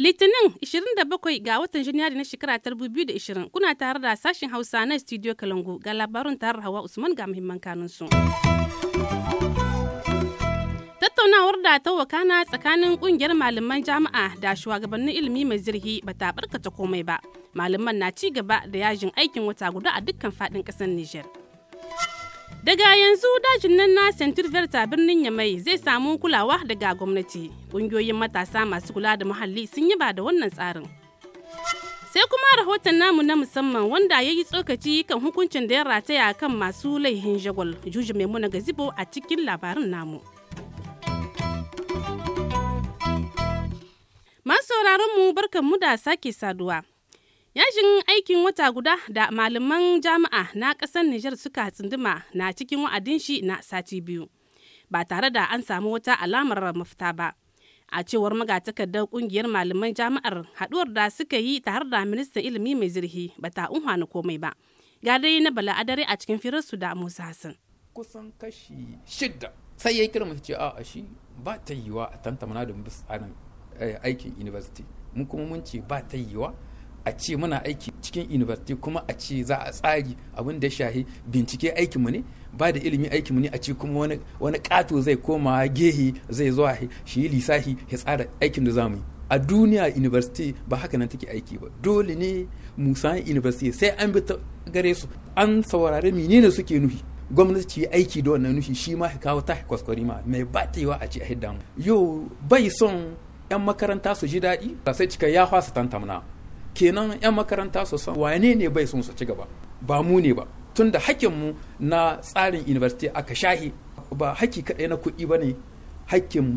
Litinin 27 ga watan Janairu na shekara ta 2020 kuna tare da sashen Hausa na studio Kalangu ga labarin tarar Hawa Usman ga muhimman kanunsu. tattaunawar da ta wakana tsakanin kungiyar malaman jami'a da shugabannin ilimi mai zirhi ba ta barkata komai ba malaman na ci gaba da yajin aikin wata guda a dukkan fadin kasar nijar. daga yanzu dajin nan na centur verta birnin yamai zai samu kulawa daga gwamnati ƙungiyoyin matasa masu kula da muhalli sun yi ba da wannan tsarin sai kuma rahoton namu na musamman wanda ya yi tsokaci kan hukuncin da ya rataya kan masu laihin jagwal juji maimuna gazibo a cikin labarin namu sauraron mu barkan mu da sake saduwa. yashin aikin wata guda da malaman jami'a na ƙasar Nijar suka tsunduma na cikin wa'adin shi na sati biyu, ba tare da an samu wata alamar mafita ba. A cewar magatakardar kungiyar malaman jami'ar haɗuwar da suka yi tare da ministan ilimi mai zirhi ba ta unhwani komai ba. Ga dai na bala adare a cikin firarsu da Musa Hassan. Kusan kashi shidda sai ya kira mace ce shi ba ta yiwa a tantamana da tsarin Eh, aikin university mun kuma mun ce ba ta yiwa a ce muna aiki cikin university kuma a ce za a tsari abin da shahi bincike aikinmu ne ba da ilimi aikinmu ne a ce kuma wani, kato zai koma gehe zai zuwa shi lisahi ya tsara aikin da zamu yi a duniya university ba haka nan take aiki ba dole ne musa university sai an bi ta gare su an saurari menene suke nuhi gwamnati ce aiki da wannan nuhi shi ma kawo ta kwaskwari ma mai ba ta a ce a hidda mu yau bai son 'yan makaranta su ji daɗi sai cika ya fasa tantamna kenan 'yan makaranta su san wane ne bai son su ci gaba ba mu ne ba tun da mu na tsarin university aka shahi ba haki kaɗai na kuɗi ba ne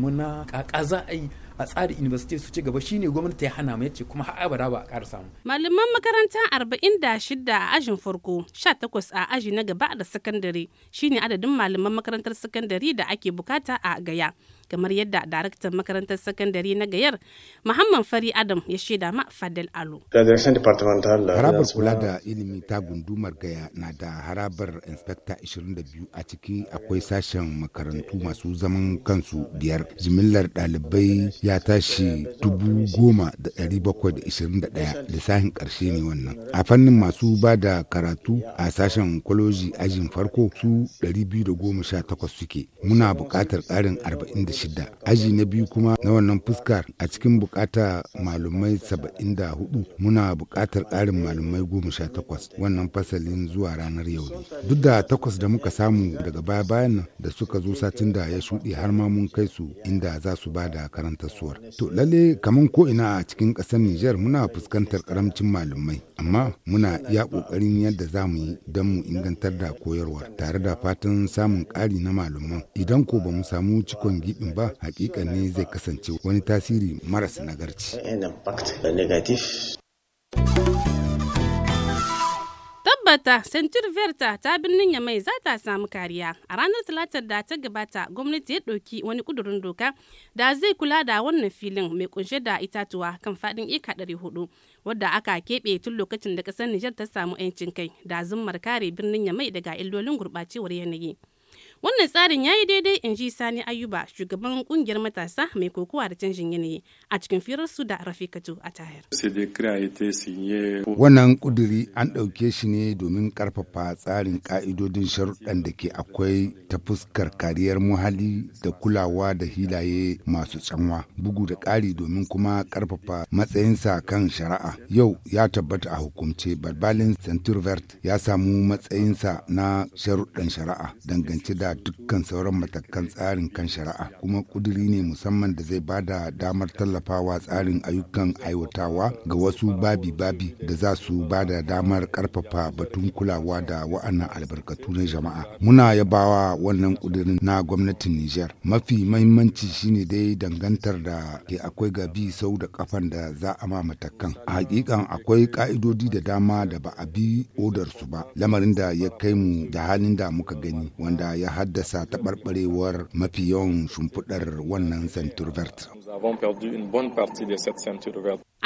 mu na ƙaƙa za a yi a tsarin university su ci gaba shine gwamnati ya hana mu yace kuma har abada ba a ƙara samu. Malaman makaranta 46 a ajin farko, 18 a aji na gaba da sakandare shine adadin malaman makarantar sakandare da ake bukata a gaya. kamar yadda daraktan makarantar sakandare na gayar muhammad fari adam ya shaida ma fadil alo harabar kula da ilimi ta gundumar gaya na da harabar inspector 22 a ciki akwai sashen makarantu masu zaman kansu biyar jimillar ɗalibai ya tashi dubu goma da ɗari bakwai da ishirin da ɗaya lissafin ƙarshe ne wannan a fannin masu ba da karatu a sashen kwaloji ajin farko su ɗari biyu da goma sha takwas suke muna buƙatar ƙarin arba'in da shida aji na biyu kuma na wannan fuskar a cikin bukata malumai saba'in da hudu muna bukatar karin malumai goma sha takwas wannan fasalin zuwa ranar yau ne duk da takwas da muka samu daga baya bayan nan da suka zo satin da ya shuɗe har ma mun kai su inda za su ba da karantar suwar to lalle kaman ko ina a cikin ƙasar Nijar muna fuskantar karamcin malumai amma muna iya ƙoƙarin yadda za mu yi don mu ingantar da koyarwar tare da fatan samun ƙari na malumman idan ko ba mu samu cikon giɓin zaɓin ba hakika ne zai kasance wani tasiri maras nagarci. tabbata centur verta ta birnin yamai za ta samu kariya a ranar talatar da ta gabata gwamnati ya ɗauki wani ƙudurin doka da zai kula da wannan filin mai kunshe da itatuwa kan faɗin eka ɗari 400 wadda aka keɓe tun lokacin da ƙasar nijar ta samu 'yancin kai da zummar kare birnin yamai daga illolin gurɓacewar yanayi wannan tsarin ya yi daidai in ji sani ayuba shugaban kungiyar matasa mai kokowa da canjin yanayi a cikin firarsu da rafikatu a tahir wannan kuduri an ɗauke shi ne domin ƙarfafa tsarin ƙa'idodin sharuɗan da ke akwai ta fuskar kariyar muhalli da kulawa da hilaye masu tsanwa bugu da ƙari domin kuma ƙarfafa matsayinsa kan shari'a yau ya tabbata a hukumce balbalin centurvert ya samu matsayinsa na sharuɗan shari'a dangance da dukkan sauran matakan tsarin kan shari'a kuma kuduri ne musamman da zai ba da damar tallafawa tsarin ayyukan aiwatawa ga wasu babi-babi da za su ba da damar karfafa batun kulawa da wa'annan albarkatu na jama'a muna yabawa wannan kudirin na gwamnatin niger mafi mahimmanci shine dai dangantar da ke akwai gabi sau da kafan da za a ma matakan a hakikan akwai ka'idodi da dama da ba a bi odar su ba lamarin da ya kai mu da halin da muka gani wanda ya haddasa taɓarɓarewar mafi yawan shimfiɗar wannan centurvert.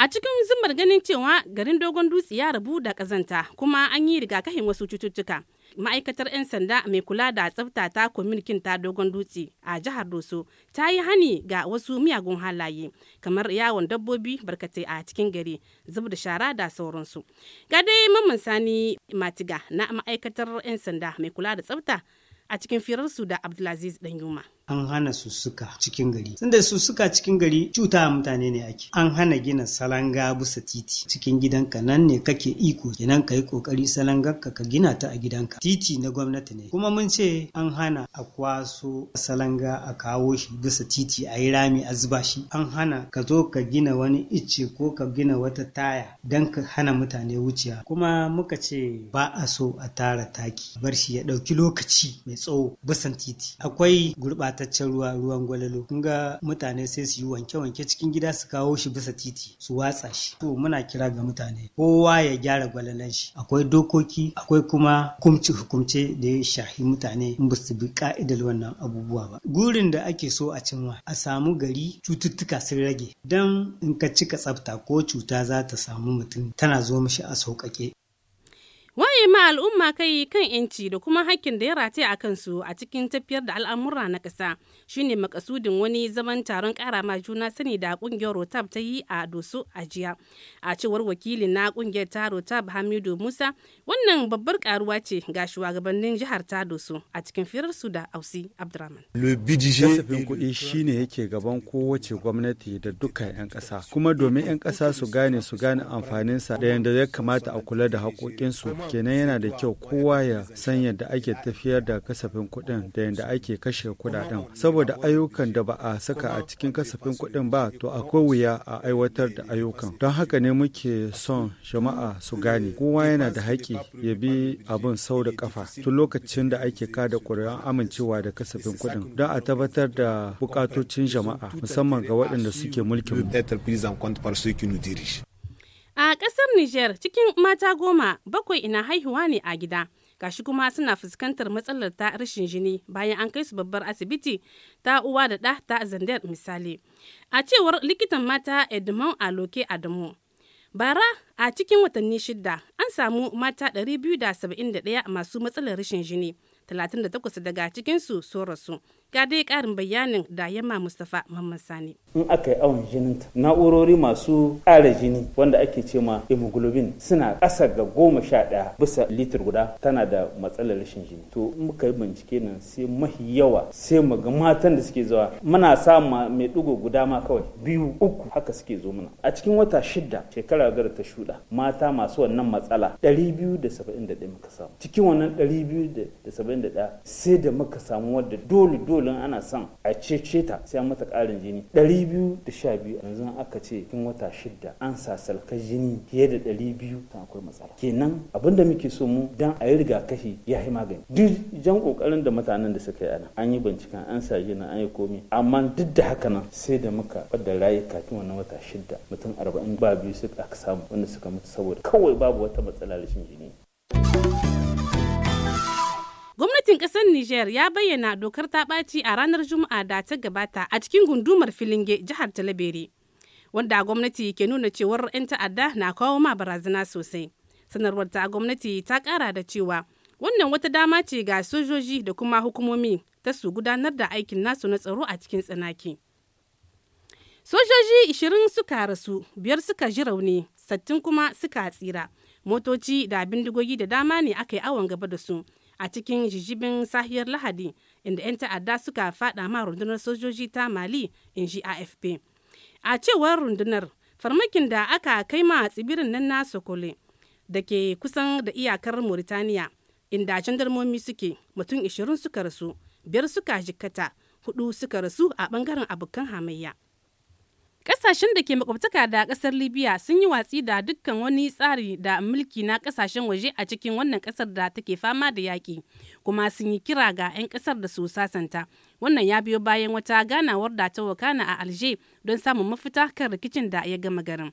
A cikin zumar ganin cewa garin dogon dutse ya rabu da ƙazanta kuma an yi rigakafin wasu cututtuka. Ma'aikatar 'yan sanda mai kula da tsafta ta kwamirkin ta dogon dutse a jihar Doso ta yi hani ga wasu miyagun halaye kamar yawon dabbobi barkatai a cikin gari zub da shara da sauransu. Ga dai mamman sani matiga na ma'aikatar 'yan sanda mai kula da tsafta a cikin firarsu da Abdulaziz Danyuma. an hana sussuka cikin gari tunda sussuka cikin gari cuta mutane ne ake an hana gina salanga bisa titi cikin gidanka nan ne kake iko kenan kai kokari salangarka ka gina ta a gidanka titi na gwamnati ne kuma mun ce an hana a kwaso salanga a kawo shi bisa titi a yi rami a zuba shi an hana ka zo ka gina wani icce ko ka gina wata taya don ka hana mutane wuciya kuma muka ce ba a so a tara taki bar shi ya ɗauki lokaci mai tsawo bisan titi akwai gurɓata gurbataccen ruwa ruwan gwalalo kun ga mutane sai su yi wanke-wanke cikin gida su kawo shi bisa titi su watsa shi to muna kira ga mutane kowa ya gyara gwalalan shi akwai dokoki akwai kuma kumci hukumce da ya shahi mutane in ba su bi ka'idar wannan abubuwa ba gurin da ake so a cinwa a samu gari cututtuka sun rage dan in ka cika tsafta ko cuta za ta samu mutum tana zo mishi a sauƙaƙe waye ma al'umma kai kan yanci da kuma hakkin da ya rataya a kansu a cikin tafiyar da al'amura na ƙasa shine makasudin wani zaman taron ƙara ma juna sani da ƙungiyar rotab ta yi a doso a jiya a cewar wakili na ƙungiyar ta rotab hamidu musa wannan babbar karuwa ce ga shugabannin jihar ta doso a cikin firarsu da ausi abdurrahman kasafin kuɗi shine yake gaban kowace gwamnati da duka 'yan ƙasa kuma domin 'yan ƙasa su gane su gane amfaninsa da yadda ya kamata a kula da haƙoƙinsu kenan yana da kyau kowa ya san yadda ake tafiyar da kasafin kuɗin da yadda ake kashe kuɗaɗen saboda ayyukan da ba a saka a cikin kasafin kuɗin ba to akwai wuya a aiwatar da ayyukan don haka ne muke son jama'a su gane kowa yana da haƙƙi ya bi abin sau da kafa tun lokacin da ake kada ƙuri'an amincewa da kasafin kuɗin don a tabbatar da bukatocin jama'a musamman ga waɗanda suke mulkin mu. A ƙasar Nijar cikin mata goma bakwai ina haihuwa ne a gida. Gashi kuma suna fuskantar matsalar ta rashin jini bayan an kai su babbar asibiti ta uwa da ɗa ta zandar misali. A cewar likitan mata Edmond Aloke Adamu. Bara a cikin watanni shidda an samu mata 271 masu matsalar rashin jini, 38 daga cikinsu sun rasu, ga dai karin bayanin da yamma mustafa mamman sani in aka yi awon ta. na'urori masu ƙara jini wanda ake ce ma hemoglobin suna ƙasa ga goma sha ɗaya bisa litir guda tana da matsalar rashin jini to in muka yi bincike nan sai mahi yawa sai mu ga matan da suke zuwa muna sa mai ɗigo guda ma kawai biyu uku haka suke zo mana a cikin wata shida shekara gara ta shuɗa mata masu wannan matsala ɗari biyu da saba'in da ɗaya muka samu cikin wannan ɗari biyu da saba'in da ɗaya sai da muka samu wadda dole dole kullum ana son a cece ta sai an mata karin jini ɗari biyu da sha biyu yanzu aka ce cikin wata shida an sasalka jini fiye da ɗari biyu ta akwai matsala kenan abin da muke so mu dan a yi rigakafi ya yi magani duk jan kokarin da mutanen da suka yi ana an yi binciken an sa jini an yi komi amma duk da haka nan sai da muka fadda rayu kafin wannan wata shida mutum arba'in ba biyu suka samu wanda suka mutu saboda kawai babu wata matsala rashin jini. Gwamnatin ƙasar Nijar ya bayyana dokar ta ɓaci a ranar Juma'a da ta gabata a cikin gundumar Filinge jihar Talabere, wanda gwamnati ke nuna cewar 'yan ta'adda na kawo ma barazana sosai. Sanarwar ta gwamnati ta ƙara da cewa wannan wata dama ce ga sojoji da kuma hukumomi ta su gudanar da aikin nasu na tsaro a cikin tsanaki. Sojoji 20 suka rasu, biyar suka ji rauni, sattin kuma suka tsira. Motoci da bindigogi da dama ne aka yi awon gaba da su a cikin jijibin sahiyar lahadi inda 'yan ta'adda suka fada ma rundunar sojoji ta mali in ji afp a cewar rundunar farmakin da aka kai ma tsibirin nan na sokole da ke kusan da iyakar mauritaniya inda jandarmomi suke mutum 20 suka rasu biyar suka jikkata hudu suka rasu a bangaren abokan hamayya kasashen da ke makwabtaka da ƙasar Libya sun yi watsi da dukkan wani tsari da mulki na kasashen waje a cikin wannan ƙasar da take fama da yaƙi, kuma sun yi kira ga 'yan ƙasar da su sasanta. Wannan ya biyo bayan wata ganawar da ta wakana a alje don samun mafita kan rikicin da ya gama garin.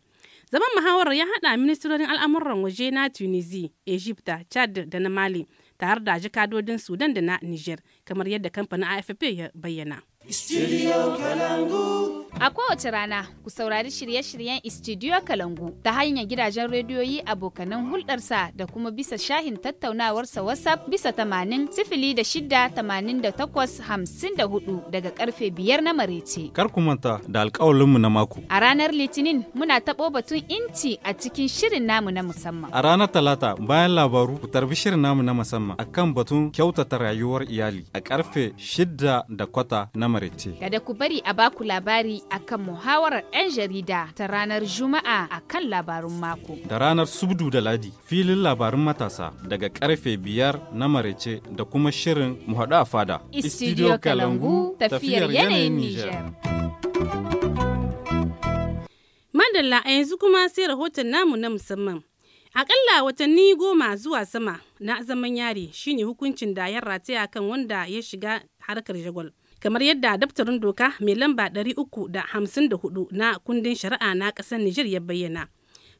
Zaman muhawarar ya haɗa ministerin al'amuran waje na Tunisia, Egypta, Chad da na Mali, tare da jikadodin Sudan da na Niger. kamar yadda kamfanin afp ya bayyana A kowace rana ku saurari shirye-shiryen Studio Kalangu ta hanyar gidajen rediyoyi abokanan hulɗarsa da kuma bisa shahin tattaunawarsa WhatsApp bisa tamanin sifili da shida tamanin da takwas hamsin da hudu daga karfe biyar na marece. Kar ku manta da alkawalinmu na mako. A ranar Litinin muna taɓo batun inci a cikin shirin namu na musamman. A ranar Talata bayan labaru ku tarbi shirin namu na musamman akan batun kyautata rayuwar iyali. a karfe shida da kwata na marece. Kada ku bari a baku labari akan muhawarar 'yan jarida ta ranar Juma'a akan labarun mako. Da ranar Subdu da Ladi filin labarun matasa daga karfe biyar na marece da kuma shirin muhaɗu a fada. Istidiyo Kalangu tafiyar yanayin Nijar. Madalla a yanzu kuma sai rahoton namu na musamman. Aƙalla watanni goma zuwa sama na zaman yari shine hukuncin da ya rataya kan wanda ya shiga harkar jagwal. Kamar yadda daftarin doka mai lamba 354 na kundin shari'a na ƙasar Nijar ya bayyana.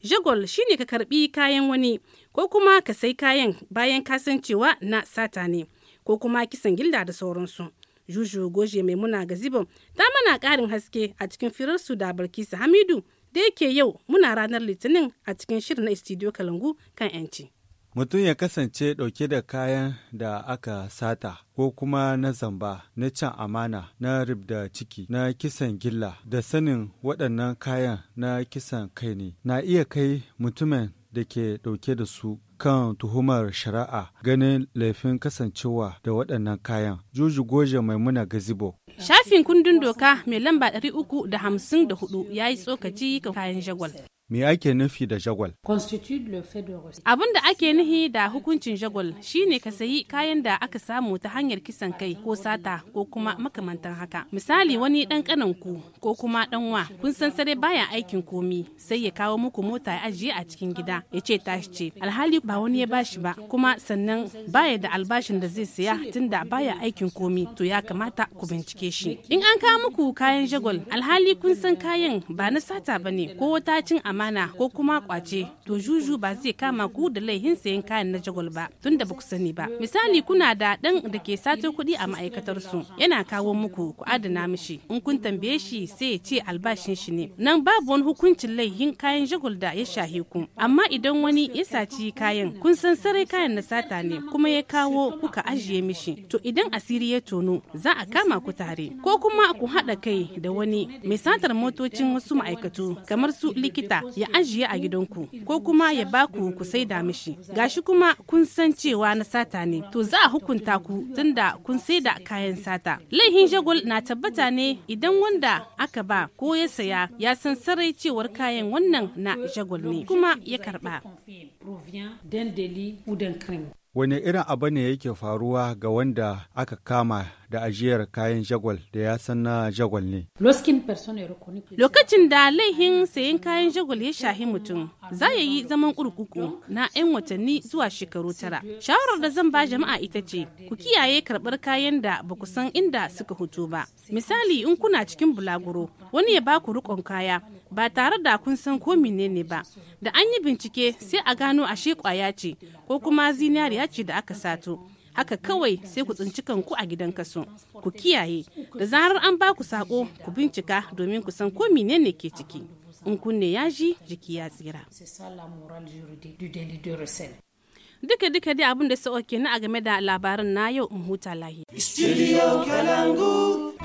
Jagwal shine ka karbi kayan wani ko kuma ka sai kayan bayan kasancewa na sata ne ko kuma kisan gilda da sauransu. Juju Goje Maimuna Gazibon ta mana ƙarin haske a cikin firarsu da Barkisa Hamidu da yake yau muna ranar litinin a cikin shirin na studio kalangu kan 'yanci. mutum ya kasance ɗauke da kayan da aka sata ko kuma na zamba na can amana na ribda ciki na kisan gilla da sanin waɗannan kayan na kisan kai ne na iya kai mutumin da ke ɗauke da su kan tuhumar shari'a ganin laifin kasancewa da waɗannan kayan. Juju Goje Maimuna Gazibo. Shafin kundin doka mai lamba 354 ya yi tsokaci ga kayan jagwal. Me ake nufi da jagwal? Abin da ake nufi da hukuncin jagwal shine ka sayi kayan da aka samu ta hanyar kisan kai ko sata ko kuma makamantan haka. Misali wani dan kananku ko kuma dan wa kun san sare baya aikin komi sai ya kawo muku mota ya ajiye a cikin gida ya ce tashi ce alhali ba wani ya bashi ba kuma sannan baya da albashin da zai saya tunda baya aikin komi to ya kamata ku bincike shi. In an kawo muku kayan jagwal alhali kun san kayan ba na sata ba ne ko wata cin amana ko kuma kwace to juju ba zai kama ku da laihin sayen kayan na jagwal ba tunda ba ku sani ba misali kuna da dan da ke sato kuɗi a ma'aikatar su yana kawo muku ku adana mishi in kun tambaye shi sai ya ce albashin shi ne nan babu wani hukuncin laihin kayan jagwal da ya shahe ku amma idan wani ya saci kayan kun san sarai kayan na sata ne kuma ya kawo kuka ajiye mishi to idan asiri ya tono za a kama ku tare ko kuma ku haɗa kai da wani mai satar motocin wasu ma'aikatu kamar su likita ya ajiye a gidanku ko kuma ya baku ku saida mishi gashi kuma kun san cewa na sata ne to za a hukunta ku tunda kun sai da kayan sata laihin jagol na tabbata ne idan wanda aka ba ko ya saya ya san sarai cewar kayan wannan na jagol ne kuma ya karba Wane irin abu ne yake faruwa ga wanda aka kama da ajiyar kayan jagwal da ya san na jagwal ne? Lokacin da laihin sayen kayan jagwal ya shahi mutum, za ya yi zaman kurkuku na 'yan watanni zuwa shekaru tara. Shawarar da zan ba jama'a ita ce, ku kiyaye karɓar kayan da ba ku san inda suka hutu ba. Misali in kuna cikin bulaguro, wani ya ba ku rikon kaya, ba tare da kun san ko menene ba da an yi bincike sai a gano ashe kwaya ce ko kuma zinariya ce da aka sato haka kawai sai ku tsinci kanku a gidan kaso ku kiyaye da zarar an ba ku sako ku bincika domin ku san ko menene ke ciki in kunne ya ji jiki ya tsira duka duka dai abin da sa'o kenan a game da labarin na yau in huta lahi. Studio Kalangu.